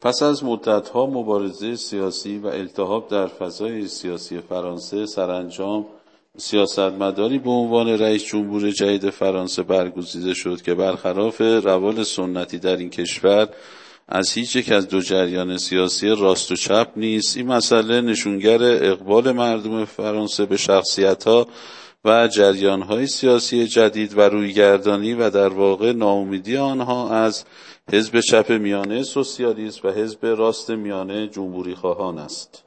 پس از مدتها مبارزه سیاسی و التحاب در فضای سیاسی فرانسه سرانجام سیاستمداری به عنوان رئیس جمهور جدید فرانسه برگزیده شد که برخلاف روال سنتی در این کشور از هیچ یک از دو جریان سیاسی راست و چپ نیست این مسئله نشونگر اقبال مردم فرانسه به شخصیت ها و جریانهای سیاسی جدید و رویگردانی و در واقع ناامیدی آنها از حزب چپ میانه سوسیالیست و حزب راست میانه جمهوری خواهان است